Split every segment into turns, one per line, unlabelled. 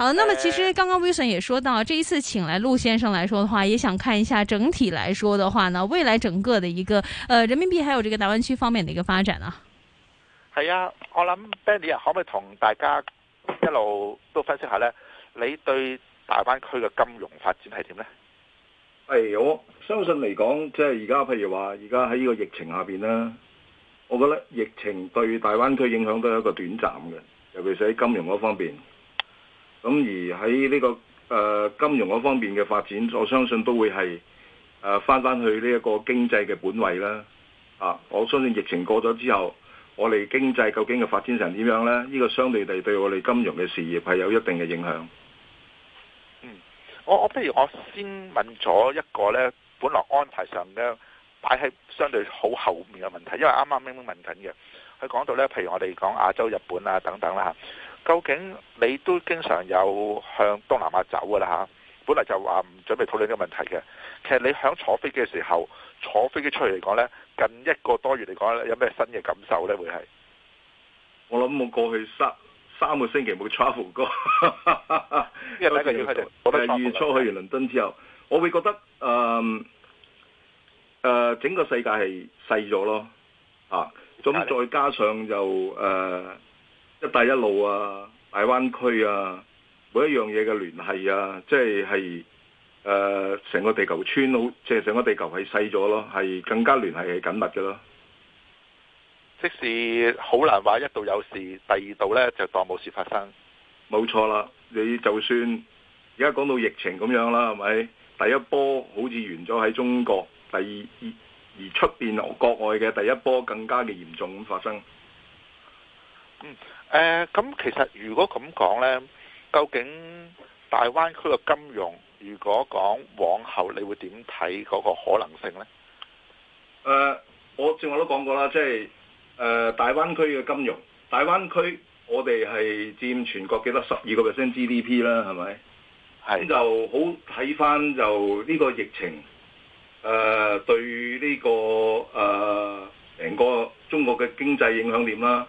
好，那麼其實剛剛 Wilson 也說到，這一次請來陸先生來說的話，也想看一下整體來說的話呢，未來整個的一個，呃，人民幣還有這個大灣區方面的一個發展啊。
係啊，我諗 Benny 啊，可唔可以同大家一路都分析下咧？你對大灣區嘅金融發展係點咧？
係、哎，我相信嚟講，即係而家譬如話，而家喺呢個疫情下邊咧，我覺得疫情對大灣區影響都係一個短暫嘅，尤其是喺金融嗰方面。咁、嗯、而喺呢、呢個誒、呃、金融嗰方面嘅發展，我相信都會係誒返返去呢一個經濟嘅本位啦。啊，我相信疫情過咗之後，我哋經濟究竟嘅發展成點樣咧？呢、呢個相對地對我哋金融嘅事業係有一定嘅影響。嗯，
我我不如我先問咗一個咧，本來安排上嘅擺喺相對好後面嘅問題，因為啱啱啱啱問緊嘅，佢講到咧，譬如我哋講亞洲、日本啊等等啦、啊、嚇。究竟你都經常有向東南亞走㗎啦嚇，本嚟就話唔準備討論呢個問題嘅。其實你喺坐飛機嘅時候，坐飛機出去嚟講咧，近一個多月嚟講咧，有咩新嘅感受咧？會係我諗我過去三三個
星期冇 travel 過，因為最近得二月 初去完倫敦之後， 我會覺得誒誒、嗯呃、整個世界係細咗咯，啊，咁再加上就誒。呃一帶一路啊，大灣區啊，每一樣嘢嘅聯繫啊，即係係誒，成、呃、個地球村好，即係成個地球係細咗咯，係更加聯繫係緊密嘅咯。
即使好難話一度有事，第二度呢，就當冇事發生。
冇錯啦，你就算而家講到疫情咁樣啦，係咪？第一波好似完咗喺中國，第二而出邊國外嘅第一波更加嘅嚴重咁發生。
嗯，誒、呃、咁其實如果咁講呢，究竟大灣區嘅金融，如果講往後，你會點睇嗰個可能性呢？
誒、呃，我正我都講過啦，即係誒、呃、大灣區嘅金融，大灣區我哋係佔全國幾多十二個 percent G D P 啦，係咪？係是的 咁就好睇翻就呢個疫情誒、呃、對呢、這個誒成、呃、個中國嘅經濟影響點啦。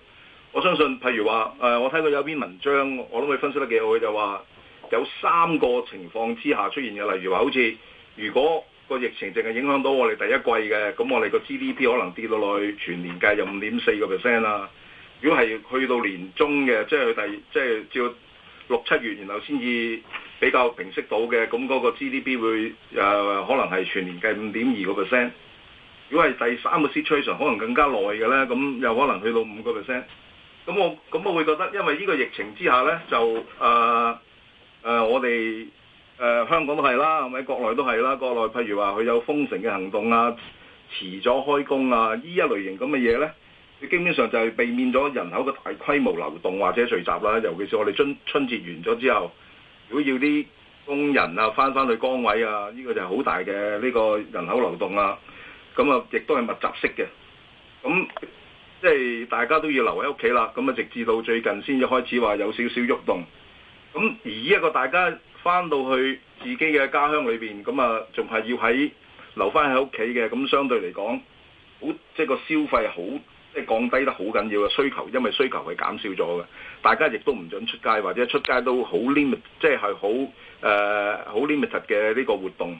我相信，譬如話，誒、呃，我睇到有篇文章，我諗佢分析得幾好。佢就話有三個情況之下出現嘅，例如話，好似如果個疫情淨係影響到我哋第一季嘅，咁我哋個 GDP 可能跌到落去全年計就五點四個 percent 啦。如果係去到年中嘅，即係第即係至六七月，然後先至比較平息到嘅，咁嗰個 GDP 會誒、呃、可能係全年計五點二個 percent。如果係第三個 situation，可能更加耐嘅咧，咁有可能去到五個 percent。咁我咁我會覺得，因為呢個疫情之下呢，就誒誒、呃呃，我哋誒、呃、香港都係啦，係咪？國內都係啦，國內譬如話佢有封城嘅行動啊，遲咗開工啊，呢一類型咁嘅嘢呢，佢基本上就係避免咗人口嘅大規模流動或者聚集啦、啊。尤其是我哋春春節完咗之後，如果要啲工人啊返返去崗位啊，呢、這個就好大嘅呢、這個人口流動啊。咁啊，亦都係密集式嘅。咁即係大家都要留喺屋企啦，咁啊直至到最近先至開始話有少少喐動。咁而一個大家翻到去自己嘅家鄉裏邊，咁啊仲係要喺留翻喺屋企嘅，咁相對嚟講，好即係個消費好即係降低得好緊要啊！需求因為需求係減少咗嘅，大家亦都唔準出街，或者出街都好 limit，即係係好誒好 limit 嘅呢個活動。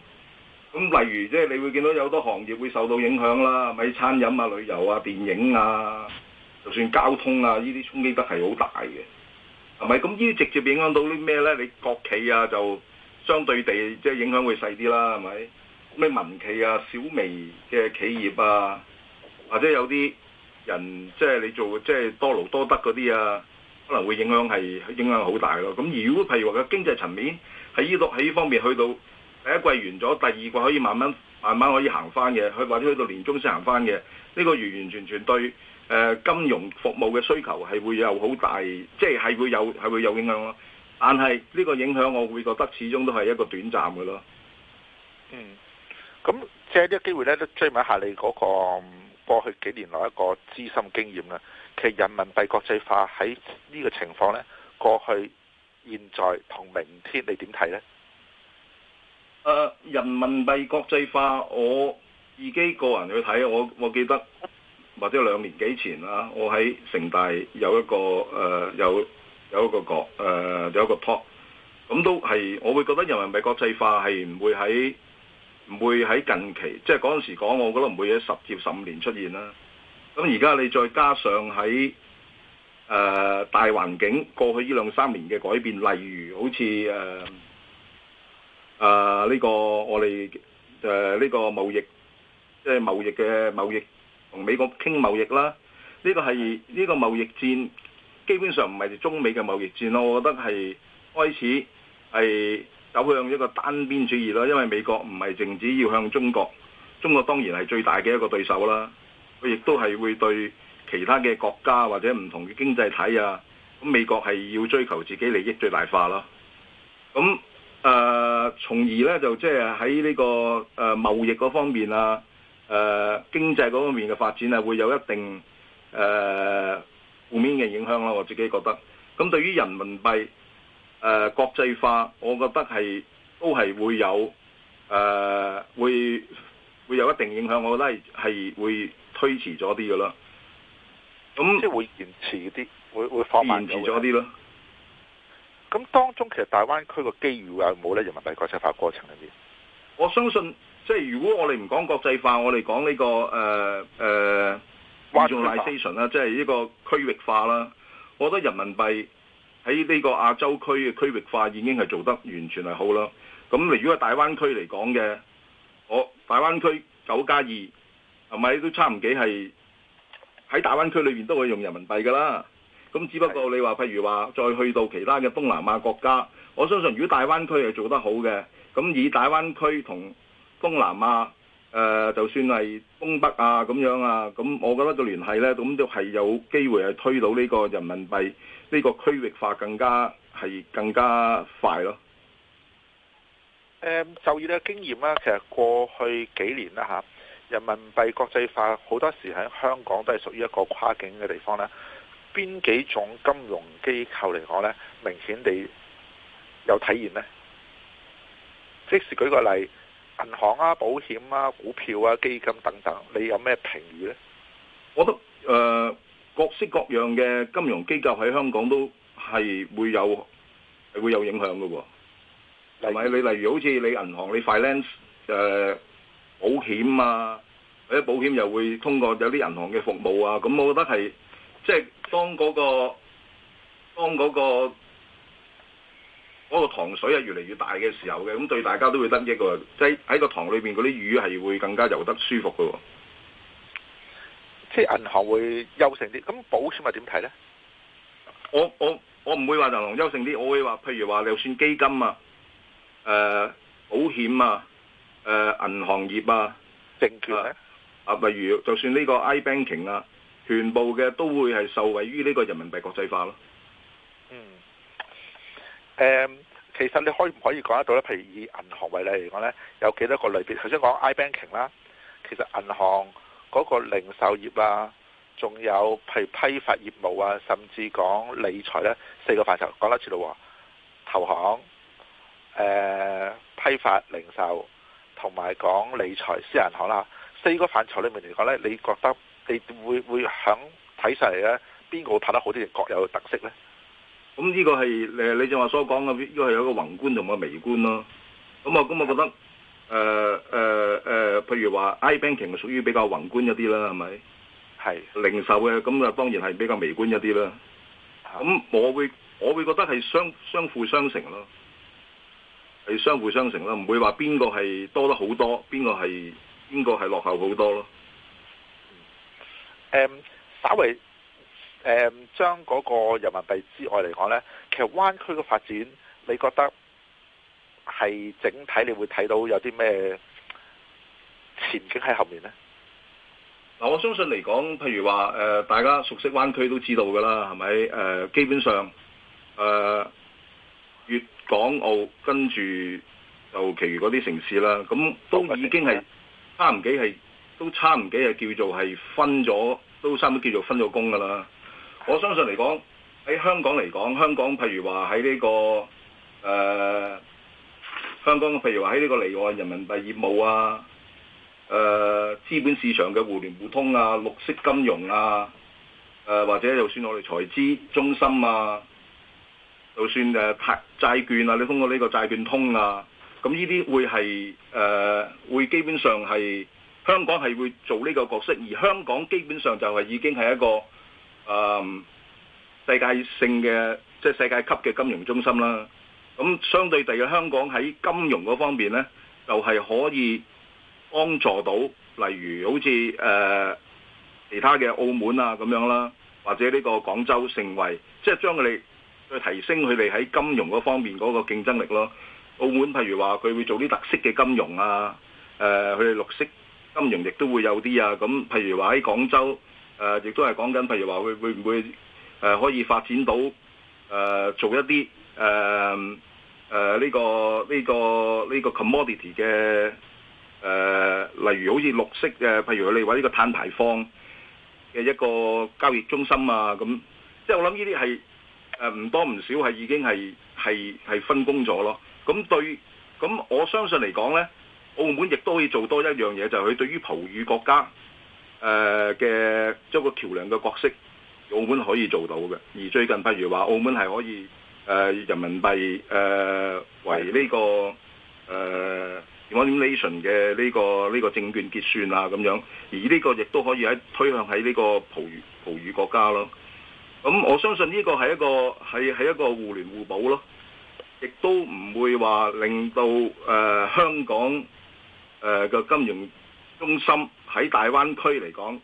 咁例如，即係你會見到有好多行業會受到影響啦，咪餐飲啊、旅遊啊、電影啊，就算交通啊，呢啲衝擊得係好大嘅，係咪？咁呢啲直接影響到啲咩咧？你國企啊，就相對地即係影響會細啲啦，係咪？咁你民企啊、小微嘅企業啊，或者有啲人即係你做即係多勞多得嗰啲啊，可能會影響係影響好大咯。咁如果譬如話個經濟層面喺呢度喺呢方面去到。第一季完咗，第二季可以慢慢慢慢可以行返嘅，佢或者去到年中先行返嘅。呢、這個完完全全對誒、呃、金融服務嘅需求係會有好大，即係係會有係會有影響咯。但係呢個影響，我會覺得始終都係一個短暫嘅咯。
嗯，咁借啲機會咧，都追問一下你嗰、那個過去幾年來一個資深經驗啦。其實人民幣國際化喺呢個情況咧，過去、現在同明天，你點睇咧？
誒，uh, 人民幣國際化，我自己個人去睇，我我記得或者兩年幾前啦、啊，我喺城大有一個誒、呃、有有一個國誒、呃、有一個 talk，咁都係我會覺得人民幣國際化係唔會喺唔會喺近期，即係嗰陣時講，我覺得唔會喺十至十五年出現啦、啊。咁而家你再加上喺誒、呃、大環境過去呢兩三年嘅改變，例如好似誒。呃啊！呢個我哋誒，呢個貿易即係貿易嘅貿易，同美國傾貿易啦。呢個係呢個貿易戰，基本上唔係中美嘅貿易戰咯。我覺得係開始係走向一個單邊主義啦，因為美國唔係淨止要向中國，中國當然係最大嘅一個對手啦。佢亦都係會對其他嘅國家或者唔同嘅經濟體啊，咁美國係要追求自己利益最大化咯。咁誒，從、uh, 而咧就即係喺呢個誒貿、uh, 易嗰方面啊，誒、uh, 經濟嗰方面嘅發展啊，會有一定誒負、uh, 面嘅影響咯。我自己覺得，咁對於人民幣誒、uh, 國際化，我覺得係都係會有誒、uh, 會會有一定影響。我覺得係係會推遲咗啲噶
咯。咁即係會延遲啲，會會放慢咗啲咯。咁當中其實大灣區個機遇有冇咧？人民幣國際化過程裏邊，
我相信即係如果我哋唔講國際化，我哋講呢個誒
誒，叫、呃呃、
做啦，即係呢個區域化啦。我覺得人民幣喺呢個亞洲區嘅區域化已經係做得完全係好啦。咁如果係大灣區嚟講嘅，我大灣區九加二係咪都差唔幾係喺大灣區裏邊都會用人民幣噶啦。咁只不過你話，譬如話再去到其他嘅東南亞國家，我相信如果大灣區係做得好嘅，咁以大灣區同東南亞，誒、呃、就算係東北啊咁樣啊，咁我覺得個聯繫呢，咁都係有機會係推到呢個人民幣呢、呢個區域化更加係更加快咯。
嗯、就以你嘅經驗呢，其實過去幾年啦嚇，人民幣國際化好多時喺香港都係屬於一個跨境嘅地方呢。邊幾種金融機構嚟講咧，明顯地有體驗咧。即時舉個例，銀行啊、保險啊、股票啊、基金等等，你有咩評語咧？
我覺得誒、呃，各式各樣嘅金融機構喺香港都係會有會有影響嘅、啊，係咪如？你例如好似你銀行、你 finance 誒、呃、保險啊，或者保險又會通過有啲銀行嘅服務啊，咁我覺得係即係。當嗰、嗰個，當、嗰個、嗰個糖水啊，越嚟越大嘅時候嘅，咁對大家都會得益嘅，即係喺個糖裏邊嗰啲魚係會更加游得舒服嘅。
即係
銀行會優勝啲，咁保險又點睇咧？我我我唔會話銀行優勝啲，我會話譬如話，就算基金啊、誒、呃、保險啊、誒、呃、銀行業啊、證券咧，啊，例如就算呢個 iBanking 啊。全部嘅都會係受惠於呢個人民幣國際化咯。嗯，
誒，其實你可唔可以講得到咧？譬如以銀行為例嚟講咧，有幾多個類別？頭先講 iBanking 啦，其實銀行嗰個零售業啊，仲有譬如批發業務啊，甚至講理財咧，四個範疇講多到啦。投行、誒、呃、批發零售同埋講理財私人行啦，四個範疇裡面嚟講咧，你覺得？你會會響睇晒，曬嘅邊個拍得好啲，各有特色咧。咁呢個係
誒，你正話所講嘅，呢個係有個宏觀同埋微觀咯。咁啊，咁我覺得誒誒誒，譬如話 iBanking 係屬於比較宏觀一啲啦，係咪？係是零售嘅，咁啊當然係比較微觀一啲啦。咁的我會我會覺得係相相輔相成咯，係相輔相成咯，唔會話邊個係
多得好多，邊個係邊個係落後好多咯。誒，um, 稍微誒將嗰個人民幣之外嚟講咧，其實灣區嘅發展，你覺得係整體你會睇到有啲咩前景喺後面咧？嗱，我相信嚟講，譬
如話誒、呃，大家熟悉灣區都知道噶啦，係咪？誒、呃，基本上誒，粵、呃、港澳跟住就其餘嗰啲城市啦，咁、嗯、都已經係差唔幾係。嗯嗯嗯嗯嗯都差唔幾係叫做係分咗，都差唔多叫做分咗工噶啦。我相信嚟講，喺香港嚟講，香港譬如話、這個，喺呢個誒，香港譬如話，喺呢個離岸人民幣業務啊，誒、呃，資本市場嘅互聯互通啊，綠色金融啊，誒、呃，或者就算我哋財資中心啊，就算誒、啊、債債券啊，你通過呢個債券通啊，咁呢啲會係誒、呃，會基本上係。香港係會做呢個角色，而香港基本上就係已經係一個誒、嗯、世界性嘅即係世界級嘅金融中心啦。咁、嗯、相對地，香港喺金融嗰方面呢，又、就、係、是、可以幫助到，例如好似誒、呃、其他嘅澳門啊咁樣啦，或者呢個廣州成為即係將佢哋去提升佢哋喺金融嗰方面嗰個競爭力咯。澳門譬如話佢會做啲特色嘅金融啊，誒佢哋綠色。金融亦都會有啲啊，咁譬如話喺廣州，誒、呃、亦都係講緊，譬如話會會唔會誒可以發展到誒、呃、做一啲誒誒呢個呢、呢個呢、呢個 commodity 嘅誒、呃，例如好似綠色嘅，譬如你話呢個碳排放嘅一個交易中心啊，咁即係我諗呢啲係誒唔多唔少係已經係係係分工咗咯，咁對，咁我相信嚟講咧。澳門亦都可以做多一樣嘢，就係、是、佢對於葡語國家誒嘅即係個橋梁嘅角色，澳門可以做到嘅。而最近，譬如話，澳門係可以誒、呃、人民幣誒、呃、為呢、這個誒 denomination 嘅呢個呢、這個證券結算啊咁樣，而呢個亦都可以喺推向喺呢個葡語葡語國家咯。咁、嗯、我相信呢個係一個係係一個互聯互補咯，亦都唔會話令到誒、呃、香港。誒，個、呃、金融中心喺大灣區嚟講，誒、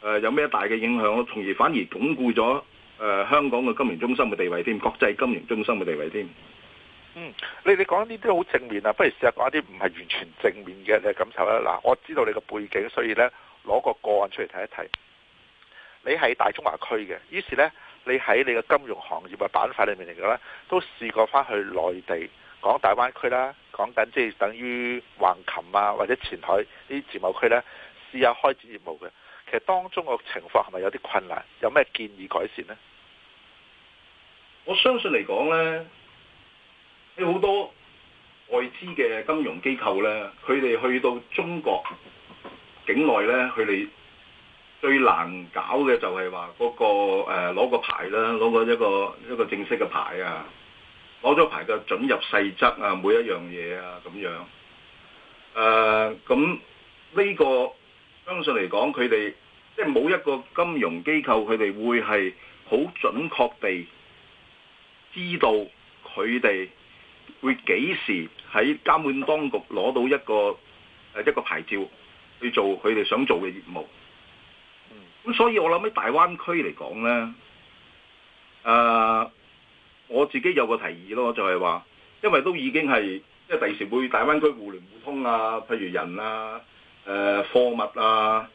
呃、有咩大嘅影響？從而反而鞏固咗誒、呃、香港嘅金融中心嘅地位添，國際金
融中心嘅地位添。嗯，你你講呢啲好正面啊，不如試下講一啲唔係完全正面嘅你嘅感受啦。嗱，我知道你個背景，所以咧攞個個案出嚟睇一睇。你係大中華區嘅，於是呢，你喺你嘅金融行業嘅板塊裏面嚟講咧，都試過翻去內地。講大灣區啦，講緊即係等於橫琴啊，或者前海啲自貿區咧，試下開展業務嘅。其實當中個情況係咪有啲困難？有咩建議改善呢？我相信嚟
講呢，有好多外資嘅金融機構呢，佢哋去到中國境內呢，佢哋最難搞嘅就係話嗰個呃、攞個牌啦，攞個一個一個，一個正式嘅牌啊！攞咗牌嘅准入細則啊，每一樣嘢啊，咁樣誒，咁、呃、呢、呢個相信嚟講，佢哋即係冇一個金融機構，佢哋會係好準確地知道佢哋會幾時喺監管當局攞到一個誒、呃、一個牌照去做佢哋想做嘅業務。咁、嗯、所以我，我諗喺大灣區嚟講咧，誒。我自己有個提議咯，就係、是、話，因為都已經係即係第時會大灣區互聯互通啊，譬如人啊、誒、呃、貨物啊，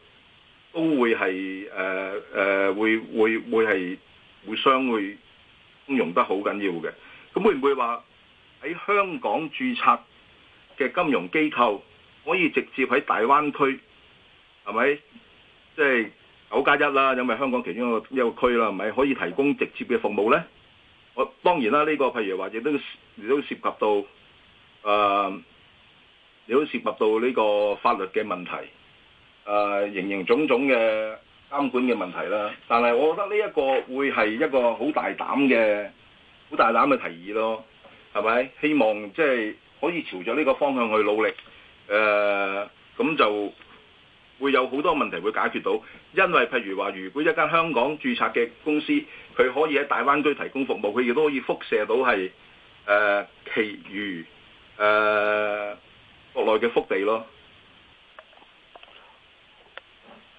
都會係誒誒會會會係互相會通融得好緊要嘅。咁會唔會話喺香港註冊嘅金融機構可以直接喺大灣區係咪？即係九加一啦，因為香港其中一個一個區啦，係咪可以提供直接嘅服務咧？我當然啦，呢個譬如話，亦都亦都涉及到誒，亦都涉及到呢個法律嘅問題，誒形形種種嘅監管嘅問題啦。但係我覺得呢一個會係一個好大膽嘅、好大膽嘅提議咯，係咪？希望即係可以朝著呢個方向去努力。誒咁就。會有好多問題會解決到，因為譬如話，如果一間香港註冊嘅公司，佢可以喺大灣區提供服務，佢亦都可以輻射
到係誒、呃、其餘誒、呃、國內嘅福地咯。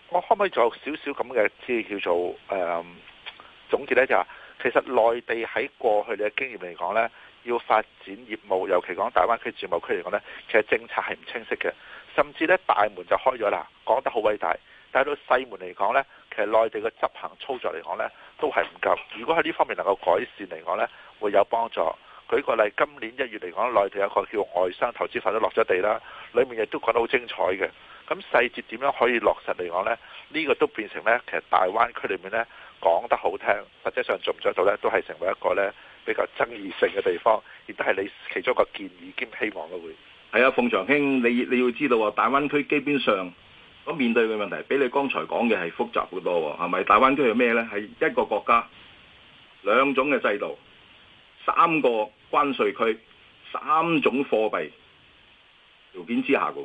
我可唔可以做少少咁嘅，即係叫做誒、呃、總結呢，就其實內地喺過去嘅經驗嚟講呢，要發展業務，尤其講大灣區、自貿區嚟講呢，其實政策係唔清晰嘅，甚至呢，大門就開咗喇。講得好偉大，但係到細門嚟講呢，其實內地嘅執行操作嚟講呢，都係唔夠。如果喺呢方面能夠改善嚟講呢，會有幫助。舉個例，今年一月嚟講，內地有個叫外商投資法都落咗地啦，裡面亦都講得好精彩嘅。咁細節點樣可以落實嚟講呢？呢、這個都變成呢，其實大灣區裏面呢，講得好聽，實際上做唔做到呢，都係成為一個呢比較爭議性嘅地方，亦都係你其中一個建議兼希望嘅會。
係啊，鳳翔兄，你你要知道啊、哦，大灣區基本上。咁面對嘅問題，比你剛才講嘅係複雜好多，係咪？大灣區係咩呢？係一個國家，兩種嘅制度，三個關稅區，三種貨幣條件之下嘅，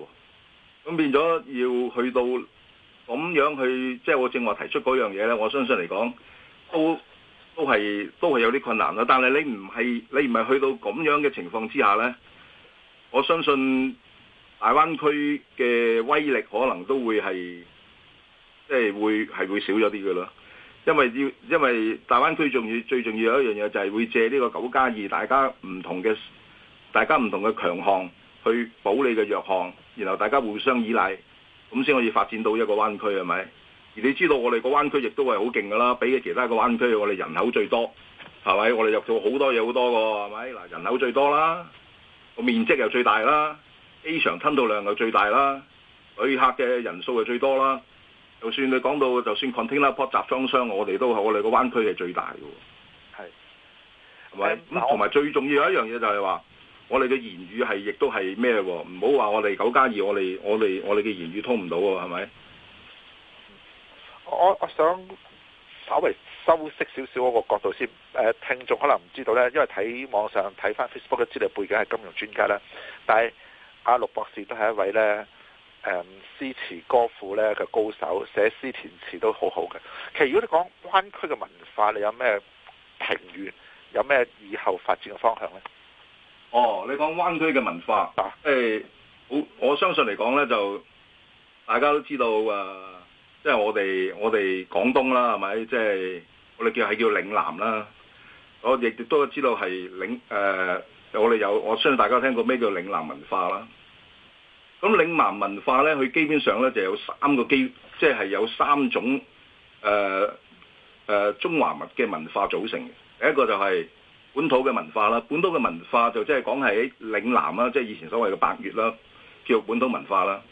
咁變咗要去到咁樣去，即係我正話提出嗰樣嘢呢。我相信嚟講，都都係都係有啲困難啦。但係你唔係你唔係去到咁樣嘅情況之下呢，我相信。大灣區嘅威力可能都會係即係會係會少咗啲嘅啦，因為要因為大灣區仲要最重要有一樣嘢就係會借呢個九加二，大家唔同嘅大家唔同嘅強項去補你嘅弱項，然後大家互相依賴，咁先可以發展到一個灣區係咪？而你知道我哋個灣區亦都係好勁㗎啦，比起其他個灣區我哋人口最多係咪？我哋入咗好多嘢好多㗎係咪？嗱，人口最多啦，個面積又最大啦。機場吞吐量又最大啦，旅客嘅人數又最多啦。就算你講到，就算 container、port、集裝箱，我哋都我哋個灣區係最大嘅，喔。係是，係咪咁？同埋、嗯、但我 最重要一樣嘢就係話，我哋嘅言語係亦都係咩？唔好話我哋九加
二，我哋我哋我哋嘅言語通唔到喎，係咪？我我想稍微修飾少少嗰個角度先。誒、呃，聽眾可能唔知道咧，因為睇網上睇翻 Facebook 嘅資料背景係金融專家啦，但係。阿、啊、陸博士都係一位咧誒、嗯、詩詞歌賦咧嘅高手，寫詩填詞都好好嘅。其實如果你講灣區嘅文化，你有咩評語？有咩以後發展嘅方向咧？
哦，你講灣區嘅
文化啊，即好、欸、我，我
相信嚟講咧，就大家都知道啊，即、就、係、是、我哋我哋廣東啦，係咪？即、就、係、是、我哋叫係叫嶺南啦。我亦都知道係嶺誒。呃就我哋有，我相信大家聽過咩叫嶺南文化啦。咁嶺南文化咧，佢基本上咧就有三個基，即係有三種誒誒中華文嘅文化組成嘅。第一個就係本土嘅文化啦，本土嘅文化就即係講係喺嶺南啦，即係以前所謂嘅百越啦，叫本土文化啦。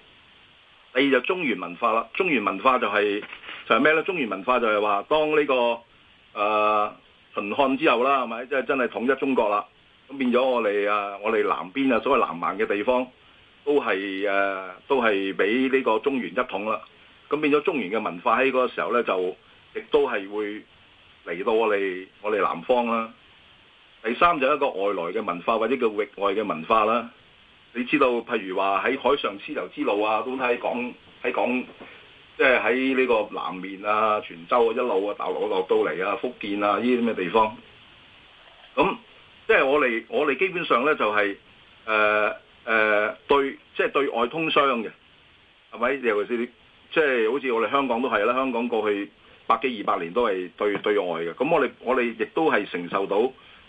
第二就中原文化啦，中原文化就係就係咩咧？中原文化就係話當呢個誒秦漢之後啦，係咪即係真係統一中國啦？咁變咗我哋啊，我哋南邊啊，所謂南蠻嘅地方，都係誒、啊，都係俾呢個中原一統啦。咁變咗中原嘅文化喺嗰個時候呢，就亦都係會嚟到我哋我哋南方啦、啊。第三就係一個外來嘅文化或者叫域外嘅文化啦、啊。你知道譬如話喺海上絲綢之路啊，都喺講喺講，即係喺呢個南面啊、泉州啊一路啊，大陸落到嚟啊、福建啊呢啲咁嘅地方，咁。即係我哋，我哋基本上咧就係誒誒對，即係對外通商嘅，係咪？尤其是即係好似我哋香港都係啦，香港過去百幾二百年都係對對外嘅。咁我哋我哋亦都係承受到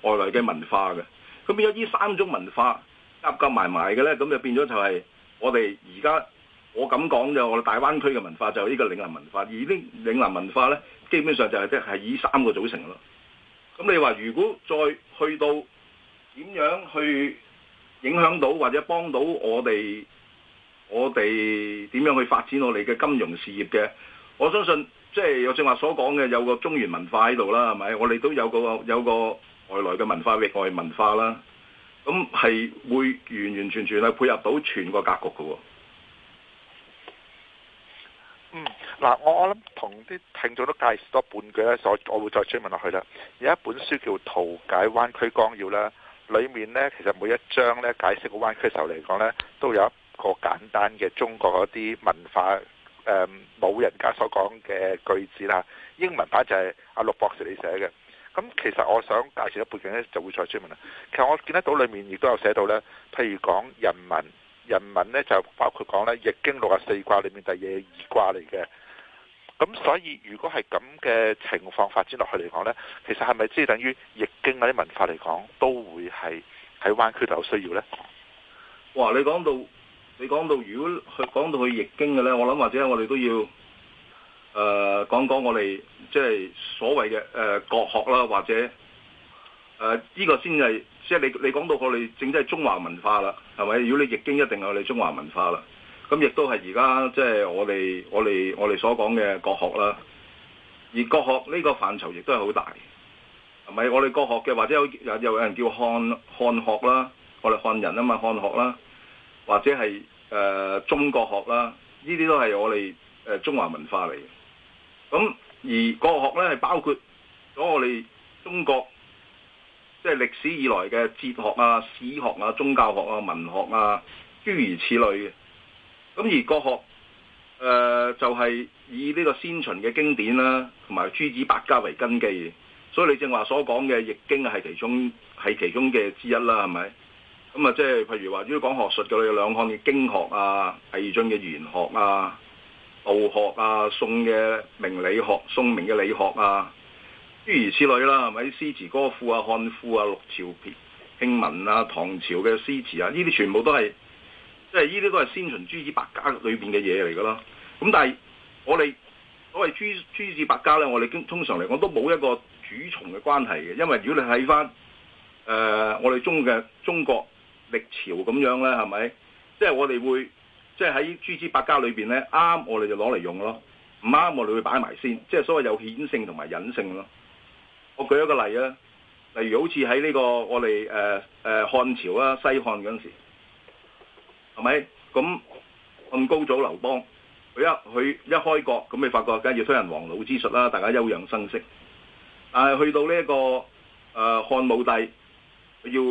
外來嘅文化嘅。咁變咗呢三種文化夾夾埋埋嘅咧？咁就變咗就係我哋而家我咁講就我哋大灣區嘅文化就係呢個嶺南文化。而呢嶺南文化咧，基本上就係即係以三個組成咯。咁你話如果再去到點樣去影響到或者幫到我哋，我哋點樣去發展我哋嘅金融事業嘅？我相信即係有正話所講嘅，有個中原文化喺度啦，係咪？我哋都有個有個外來嘅文化，域外文化啦，咁係會完完全全係配合到全個格局㗎喎。嗯。
嗱，我我諗同啲聽眾都介紹多半句咧，所我，我會再追問落去啦。有一本書叫《圖解灣區綱要》咧，裡面呢其實每一章咧解釋個灣區時候嚟講呢，都有一個簡單嘅中國嗰啲文化誒，老、嗯、人家所講嘅句子啦。英文版就係阿、啊、陸博士你寫嘅。咁、嗯、其實我想介紹一背景呢，就會再追問啦。其實我見得到裡面亦都有寫到呢，譬如講人民，人民呢就包括講呢《易經》六十四卦裏面第二、就是、二卦嚟嘅。咁所以如果係咁嘅情況發展落去嚟講呢，其實係咪即係等於易經嗰啲文化嚟講，都會係喺灣區有需要呢？哇！你講到你講到，
到如果去講到去易經嘅呢，我諗或者我哋都要誒、呃、講講我哋即係所謂嘅誒、呃、國學啦，或者誒呢、呃、這個先係即係你你講到我哋正正係中華文化啦，係咪？如果你易經一定係我哋中華文化啦。咁亦都係而家即係我哋我哋我哋所講嘅國學啦，而國學呢個範疇亦都係好大，係咪？我哋國學嘅或者有有有人叫漢漢學啦，我哋漢人啊嘛，漢學啦，或者係誒、呃、中國學啦，呢啲都係我哋誒、呃、中華文化嚟嘅。咁而國學咧係包括咗我哋中國即係、即係、歷史以來嘅哲學啊、史學啊、宗教學啊、文學啊諸如此類。咁而國學，誒、呃、就係、是、以呢個先秦嘅經典啦，同埋諸子百家為根基，所以你正話所講嘅《易經》係其中係其中嘅之一啦，係咪？咁啊、就是，即係譬如話，如果講學術嘅咧，有兩漢嘅經學啊，魏晉嘅玄學啊，道學啊，宋嘅明理學、宋明嘅理學啊，諸如此類啦，係咪？啲詩詞歌賦啊，漢賦啊，六朝篇興文啊，唐朝嘅詩詞啊，呢啲全部都係。即係呢啲都係先秦諸子百家裏邊嘅嘢嚟㗎啦。咁但係我哋所謂諸諸子百家咧，我哋經通常嚟講都冇一個主從嘅關係嘅。因為如果你睇翻誒我哋中嘅中國歷朝咁樣咧，係咪？即係我哋會即係喺諸子百家裏邊咧，啱我哋就攞嚟用咯。唔啱我哋會擺埋先，即係所謂有顯性同埋隱性咯。我舉一個例啊，例如好似喺呢個我哋誒誒漢朝啦、西漢嗰陣時。係咪？咁咁高祖劉邦佢一佢一開國，咁你發覺梗係要推行黃老之術啦，大家休養生息。但係去到呢、這、一個誒、呃、漢武帝佢要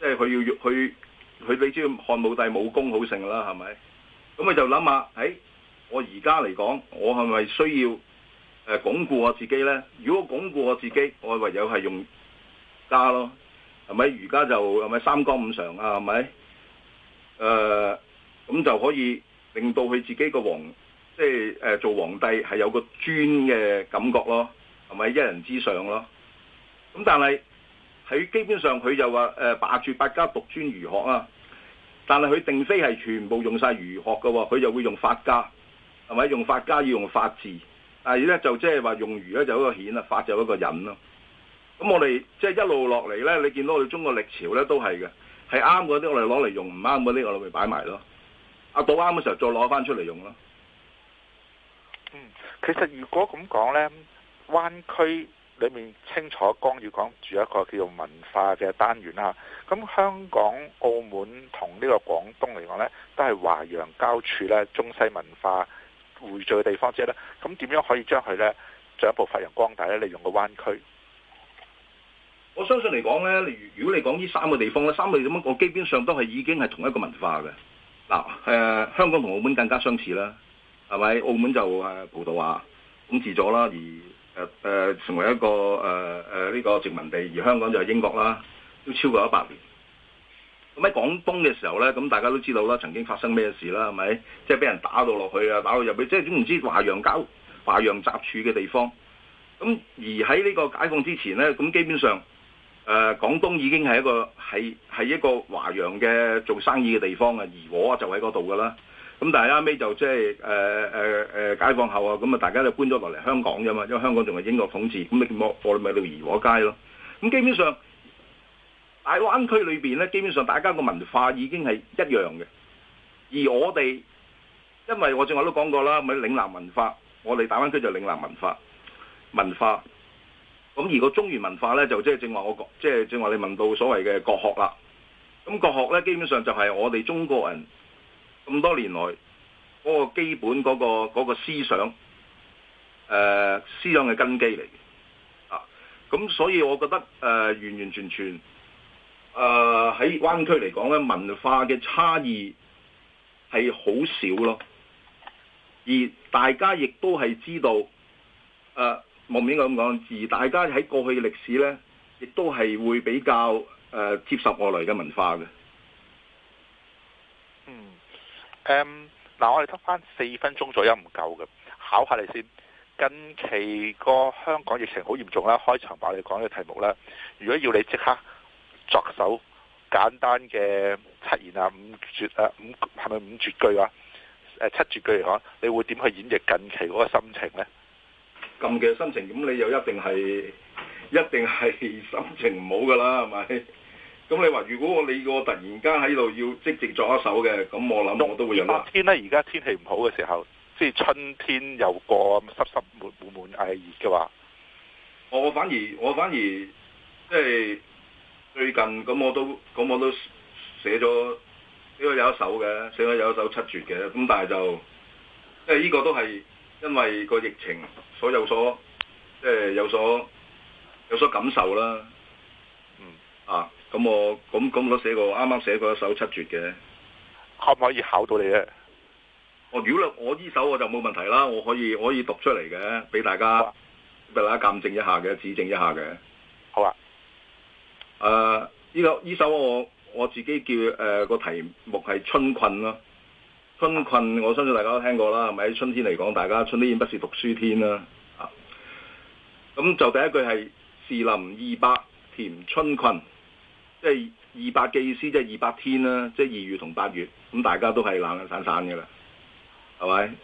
即係佢要去佢你知漢武帝武功好盛啦，係咪？咁你就諗下，誒我而家嚟講，我係咪需要誒鞏固我自己咧？如果鞏固我自己，我唯有係用家咯，係咪？儒家就係咪三綱五常啊，係咪？誒，咁、呃、就可以令到佢自己個皇，即係誒、呃、做皇帝係有個尊嘅感覺咯，係咪一人之上咯？咁、嗯、但係喺基本上佢就話誒罷黜百家獨尊儒學啊，但係佢定非係全部用晒儒學噶、啊，佢就會用法家，係咪用法家要用法治？但係咧就即係話用儒咧就一個顯啦，法就一個隱咯、啊。咁、嗯、我哋即係一路落嚟咧，你見到我哋中國歷朝咧都係嘅。係啱嗰啲我哋攞嚟用，唔啱嗰啲我哋咪擺埋咯。
啊到啱嘅時候再攞翻出嚟用咯。
嗯，
其實如果咁講呢，灣區裏面清楚光語港住一個叫做文化嘅單元啦、啊。咁香港、澳門同呢個廣東嚟講呢，都係華洋交處呢，中西文化匯聚嘅地方之一。咁點樣可以將佢呢進一步發揚光大呢？利用個灣區？
我相信嚟講呢，如果你講呢三個地方呢，三個地方我基本上都係已經係同一個文化嘅。嗱，誒、呃，香港同澳門更加相似啦，係咪？澳門就誒葡萄牙統治咗啦，而誒誒、呃、成為一個誒誒呢個殖民地，而香港就係英國啦，都超過一百年。咁喺廣東嘅時候呢，咁大家都知道啦，曾經發生咩事啦，係咪？即係俾人打到落去啊，打到入去，即係點唔知華洋交、華洋雜處嘅地方。咁而喺呢個解放之前呢，咁基本上。誒、呃、廣東已經係一個係係一個華洋嘅做生意嘅地方啊，怡和就喺嗰度㗎啦。咁但係啱尾就即係誒誒誒解放後啊，咁啊大家就搬咗落嚟香港啫嘛，因為香港仲係英國統治，咁你叫我我咪叫怡和街咯。咁基本上大灣區裏邊咧，基本上大家個文化已經係一樣嘅。而我哋因為我正話都講過啦，咪嶺南文化，我哋大灣區就嶺南文化文化。咁而個中原文化咧，就即係正話，我講，即係正話，你問到所謂嘅國學啦。咁國學咧，基本上就係我哋中國人咁多年來嗰、那個基本嗰、那個嗰、那個思想，誒、呃、思想嘅根基嚟嘅。啊，咁所以我覺得誒、呃、完完全全誒喺灣區嚟講咧，文化嘅差異係好少咯。而大家亦都係知道誒。呃望面咁講，而大家喺過去嘅歷史呢，亦都係會比較誒、呃、接受外來嘅文化
嘅、
嗯。嗯，嗱，我哋得翻四分鐘左右唔夠嘅，考下你先。近期個香港疫情好嚴重啦，開場白你講呢個題目咧，如果要你即刻作首簡單嘅七言啊五絕啊五係咪五絕句啊？誒七絕句嚟講，你會點去演繹近期嗰個心情呢？
咁嘅心情，咁你又一定係一定係心情唔好噶啦，係咪？咁 你話，如果我你個突然間喺度要積極作一首嘅，咁我諗我都會有
天咧，而家天氣唔好嘅時候，即係春天又過咁濕濕悶悶熱熱嘅話，我反而我反而即係
最近咁，我都咁我都寫咗寫咗有一首嘅，寫咗有一首七絕嘅，咁但係就即係呢個都係因為個疫情。所有所，即、呃、係有所有所感受啦。嗯，啊，咁我咁咁都寫過，啱啱寫過一首七絕嘅，可唔可以考到你咧？哦，如果我呢首我就冇問題啦，我可以我可以讀出嚟嘅，俾大家俾、啊、大家鑒證一下嘅，指正一下嘅。好啊。誒、啊，呢個呢首我我自己叫誒、呃、個題目係春困咯、啊。春困，我相信大家都聽過啦，係咪？春天嚟講，大家春天不是讀書天啦、啊，啊咁就第一句係樹林二百田春困，即、就、係、是、二百嘅意思，即、就、係、是、二百天啦、啊，即、就、係、是、二月同八月咁、嗯，大家都係懶懶散散嘅啦，係咪？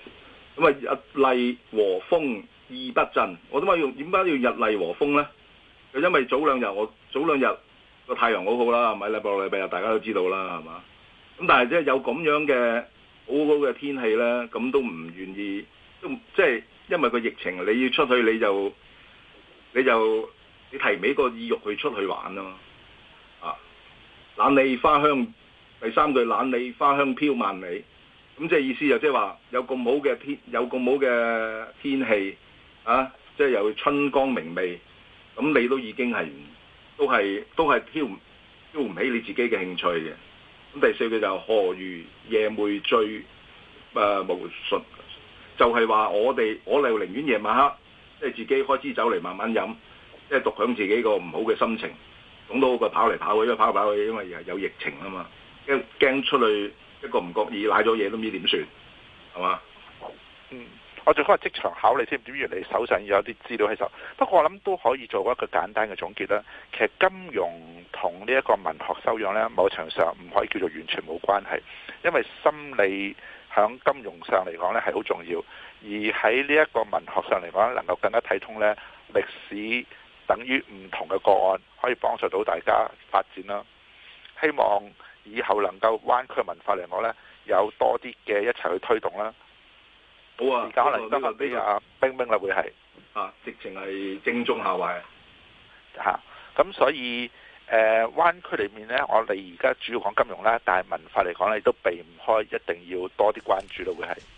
咁啊，日麗和風意不盡，我都問用點解要日麗和風呢？因為早兩日我早兩日個太陽好好啦，係咪？禮拜六、禮拜日大家都知道啦，係嘛？咁但係即係有咁樣嘅。好好嘅天氣咧，咁都唔願意，都即係因為個疫情，你要出去你就你就你提唔起個意欲去出去玩吖嘛。啊，蘭你花香，第三句，蘭你花香飄萬里，咁即係意思就即係話有咁好嘅天，有咁好嘅天氣啊，即係有春光明媚，咁你都已經係都係都係飄飄唔起你自己嘅興趣嘅。咁第四句就何如夜梅醉？誒、呃、無術，就係、是、話我哋我哋寧願夜晚黑，即係自己開支酒嚟慢慢飲，即係獨享自己個唔好嘅心情，總好過佢跑嚟跑，跑，跑去，因為跑嚟跑去因為有疫情啊嘛，驚驚出去一個唔覺意買咗
嘢都唔知點算，係嘛？嗯。我最講話即場考慮先，點樣你手上要有啲資料喺手。不過我諗都可以做一個簡單嘅總結啦。其實金融同呢一個文學修養呢，某程度上唔可以叫做完全冇關係，因為心理響金融上嚟講呢係好重要，而喺呢一個文學上嚟講能夠更加睇通呢歷史，等於唔同嘅個案，可以幫助到大家發展啦。希望以後能夠灣區文化嚟講呢，有多啲嘅一齊去推動啦。好啊，時間可能今日比冰冰啊，冰冰啦，會係，啊，直情係正中下懷吓，咁所以誒灣區裏面咧，我哋而家主要講金融啦，但係文化嚟講咧，都避唔開一定要多啲關注咯，會係。